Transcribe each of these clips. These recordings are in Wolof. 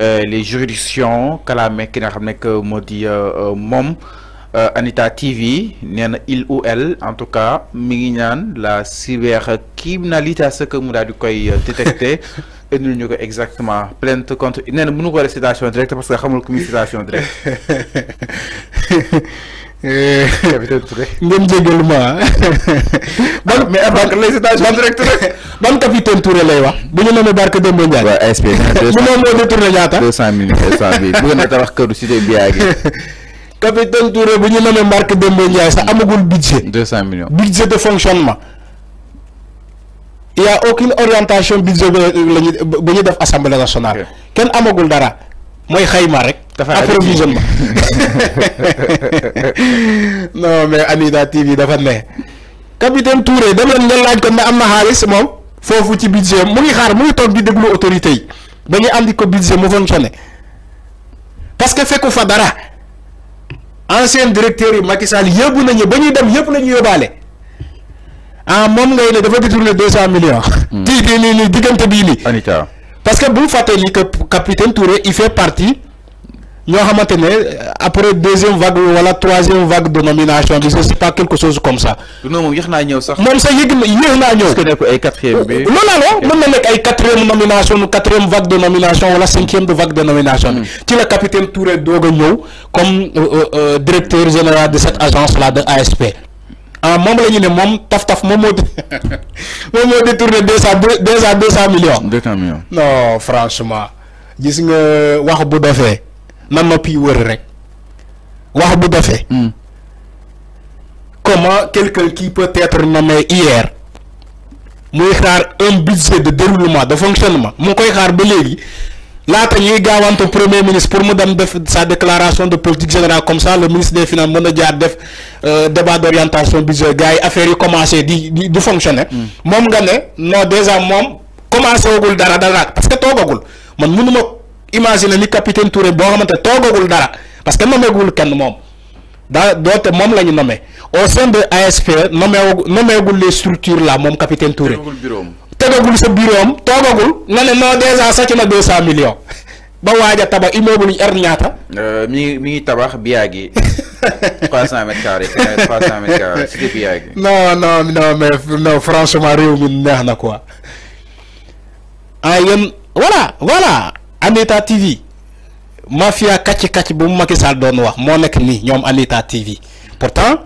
Euh, les juridictions euh, euh, Anita TV il ou elle en tout cas mi la cybercriminalité à ce que mu di koy et nous ñu exactement plainte contre parce que directe Eh, capitaine Touré. ngeen jégalu ma ban ah, mais attaque les états direct ban capitaine Touré lay wax. bu ñu nommé Barke Demba Ndiaye. waaw ASP bu moom moo détourné ñaata. deux cent mille deux cent mille bëgg na tabax këru cité bi yaa ngi. capitaine Touré bu ñu nemee Barke Demba Ndiaye sax amagul budget. deux cent millions budget de fonctionnement. il y a aucune orientation budget la ñu ba ñu def assemblée nationale. kenn amagul dara mooy xayma rek. non mais Anita TV dafa ne capitaine Touré dem leen ngeen laaj ko ne am na xaalis moom ci budget mu xaar mu ngi di autorité yi ba ñu andi ko budget mu fonctionné parce que qu'on fa dara ancien directeur yi Macky Sall yóbbu nañu ba ñuy dem yëpp la ñu yóbbaale ah moom ngay ne dafa détourné deux millions. tii hmm. ni ni nii diggante bii Anita parce que bu faites ni que capitaine Touré il fait partie yoo xamante ne après deuxième vague wala troisième vague de nomination que c'est pas quelque chose comme ça. non moom yéex naa ñëw sax. moom sax yéeg na yéex naa ñëw. est-ce quatrième bi. Euh, loolu la mën na ay quatrième nomination quatrième vague de nomination wala cinquième de vague de nomination Tu hmm. ci la capitaine Touré doog comme euh, euh, directeur général de cette agence là de ASP. Un ah, membre la ñu ne taf taf moom moo di moom deux à deux à deux à deux cent millions. deux cent millions. non franchement gis nga wax bu defee man nopp yi wër rek wax bu hmm. comment quelqu'un qui peut être nommé hier muy xaar un budget de déroulement de fonctionnement mu koy xaar ba léegi laata ñuy gaawante premier ministre pour mu dem def sa déclaration de politique générale comme ça le ministre des finances mën a jaar def euh, débat d' orientation budget gars yi affaires yi commencé di di fonctionner. Hmm. moom nga ne non déjà moom commencé wagul dara dara parce que toogagul man mënuma imagine le capitaine Touré boo xamante dara parce que nomeegul kenn la nommé au sein de ASP nommé les structures là mon capitaine Touré. Togo sa bureau Togo, toogagul nga déjà non dèjà ma 200 millions ba a tabax er a euh, mi mi 300 non non non non franchement rien mi quoi ah, voilà voilà. Anita TV mafia katch katch bu Macky Sall doon wax mo nek ni, ñom Anita TV pourtant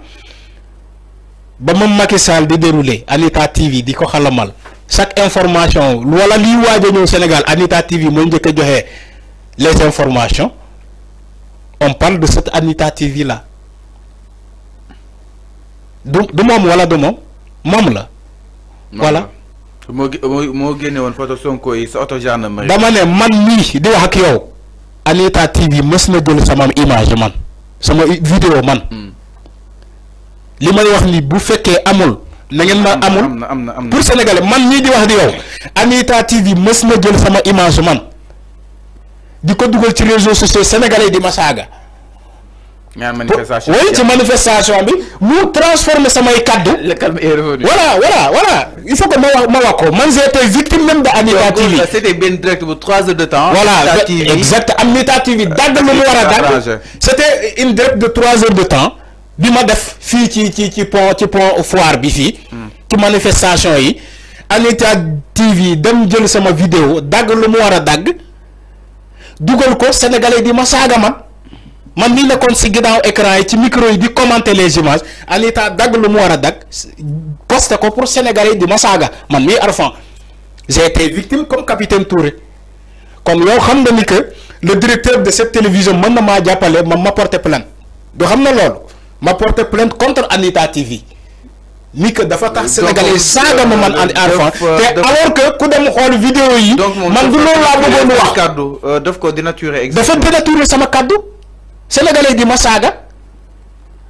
ba moment Macky Sall di dérouler Anita TV di ko xalamal chaque information wala li waaj a Sénégal Anita TV mo de joxé les informations on parle de cette Anita TV là donc du moi wala du mom mom la. voilà. moo moo génne woon photo Sonko yi sa oto gendarmerie. dama ne man mii di wax ak yow. Anita TV mës na jël sama image man sama vidéo man. Hmm. li may wax ni bu fekkee amul. na ngeen ma amul pour sénégalais man mii di wax di yow. Anita TV mës na jël sama image man. di ko dugal ci réseaux sociaux sénégalais di ma saaga. oui ci manifestation bi transformons transformer en cadeau. le calme est revenu. voilà voilà voilà il faut que ma wax moi. wax ko victime même de Anita TV. Euh, c'était bien direct bu trois heures de temps. voilà ben, exact Anita TV euh, dagg lu mu dagg. c'était une direct de trois heures de temps bi ma def fii ci ci ci pont ci pont foire bi fii. Hmm. ci manifestation yi Anita TV dem jël sama vidéo dagg lu mu war a dagg dugal ko sénégalais di ma saaga man mii nekkoon ci ginnaaw écran yi ci micro yi di commenter les images Anita dag lu mu war a poste ko pour Sénégalais yi di ma man mii Arfan j'ai été victime comme capitaine Touré comme yow xam nga ni que le directeur de cette télévision man na ma jappalé ma ma porter plainte do xam na loolu ma porter plainte contre Anita TV ni que dafa tax euh, sénégalais Saga, ma man euh, Arfan euh, te alors que ku dem xol vidéo yi man du lolu la bëggone wax dafa dénaturer sama cadeau sénégalais di ma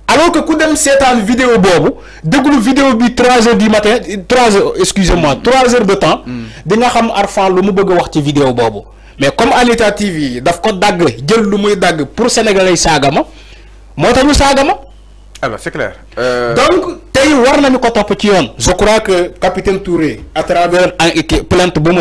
alors que ku dem seetaan vidéo de vidéo bi 3 heures du matin 3 excusez-moi 3 mm. heures de temps mm. di nga Arfan lu mu vidéo bobo mais comme Alita TV daf ko dagg jël lu muy pour sénégalais Sagama, moi sagama. alors c'est clair euh, donc war ko je crois que capitaine Touré à travers plainte mu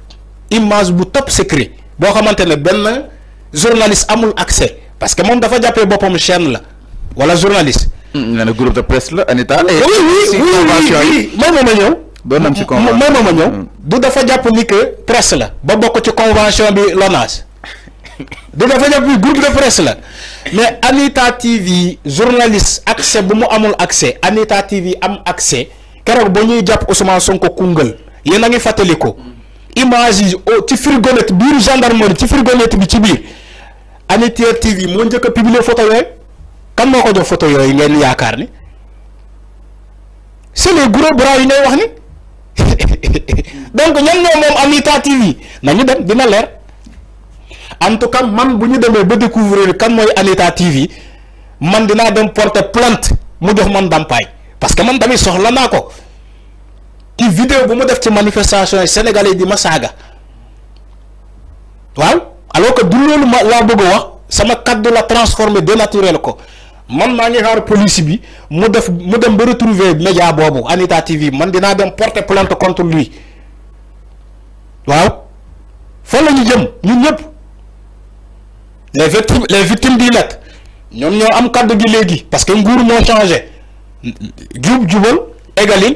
image bu top secret bo xamantene ben journaliste amul accès parce que moom dafa jappé boppam chaîne la wala journaliste. nee groupe de presse la Anita. oui oui oui may ma ma ñëw. doon am ci convention may ma ñew ñëw. Hmm. du dafa japp ni que presse la. ba bokk ci convention bi l'ONAS du dafa japp ni groupe de presse la mais Anita TV journaliste accès bu mu amul accès Anita TV am accès kérok ba ñuy japp Ousmane Sonko Koungheul yéen a ngi fàttaliku image oh, ci tu biiru gendarmerie ci tu bi ci TV moo njëkk a photo yooyu kan moo ko jox photo yooyu ngeen yaakaar c'est les gros bras yi wax ni donc ñan ñoo moom Anita TV nañu dem dina leer en tout cas man bu ñu découvrir kan Anita TV man dinaa dem porter plainte mu parce que man ci vidéo bu mu def ci manifestation sénégalais di massaga waaw alors que du loolu ma laa bëgg wax sama cadre la transformer dénaturé ko man maa ngi xaar police bi mu def mu dem ba retrouver média boobu Anita TV man dinaa dem porter plainte contre lui waaw fa la ñu jëm ñun ñëpp les victimes les victimes di nekk ñoom ñoo am de gi léegi parce que nguur moo changé jub jubal égaline.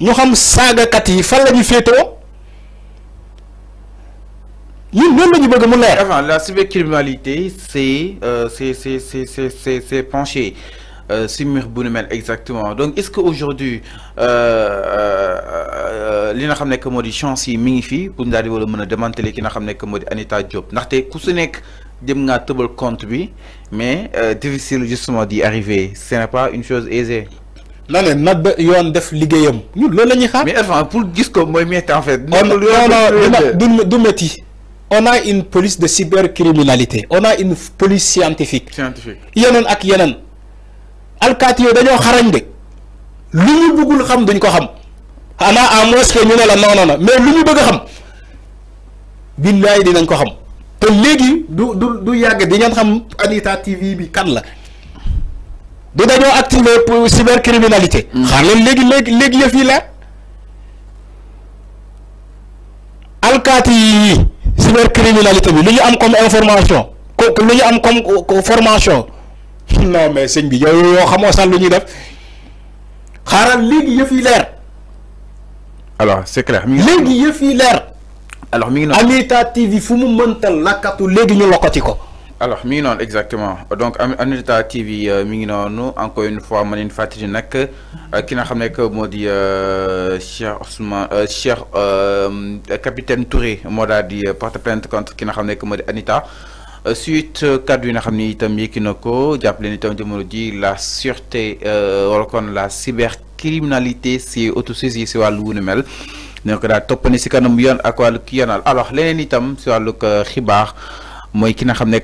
ñu xam saagakat yi fa lañu fété féetewoo ñun ñoom lañu bëgg mu leer. avant la cybercriminalité euh, c'est c'est c'est c'est c'est c'est penché euh, simir bu nu mel exactement donc est-ce que aujourd'hui euh, euh, euh li nga xam que modi di chance yi mi ngi fi pour daal wala mëna démanteler ki nga xam que modi di Anita Diop té ku su nek jëm nga tëbal compte bi mais euh, difficile justement d'y arriver ce n'est pas une chose aisée. la leen nag ba yoon def liggéeyam ñu loolu la ñuy xaar. mais pour gis ko mooy métti en fait. non non du du métti. on a une police de cybercriminalité on a une police scientifique. scientifique yeneen ak yeneen. alkaati yooyu dañoo xarañ de lu ñu bëggul xam duñ ko xam xanaa en moins que ñu ne la non non non mais lu ñu bëgg a xam billaay dinañ ko xam. te léegi du du du yàgg di ngeen xam Anita TV bi kan la. di dañoo activer pour cybercriminalité. Mm. xaar leen léegi léegi léegi yëf yi leer. alkaati yi cybercriminalité bi lu ñu am comme information ko lu ñu am comme formation non mais sëñ bi yow yoo xamoo sax lu ñuy def xaaral léegi yëf yi leer. alors c'est clair. léegi yëf yi leer. alors mi ngi noonu Amitaa TV fu mu mënta lakkatu léegi ñu lokkati ko. alors mi exactement donc Anita TV euh, mi non, encore une fois ma leen Nak, nag euh, ki nga que moo di euh, Cheikh Ousmane cher capitaine Touré moo d'a di porte plainte contre ki n'a xam que moo Anita suite cadre yi nga xam ni itam yëkki na ko jàpp leen la sûreté wala kon la cybercriminalité c'est autosaisi si wàllu wu Donc mel. top n'est ce toppandi si kanam yoon ak wàllu ki alors leneen itam si wàllug xibaar moi ki n'a xam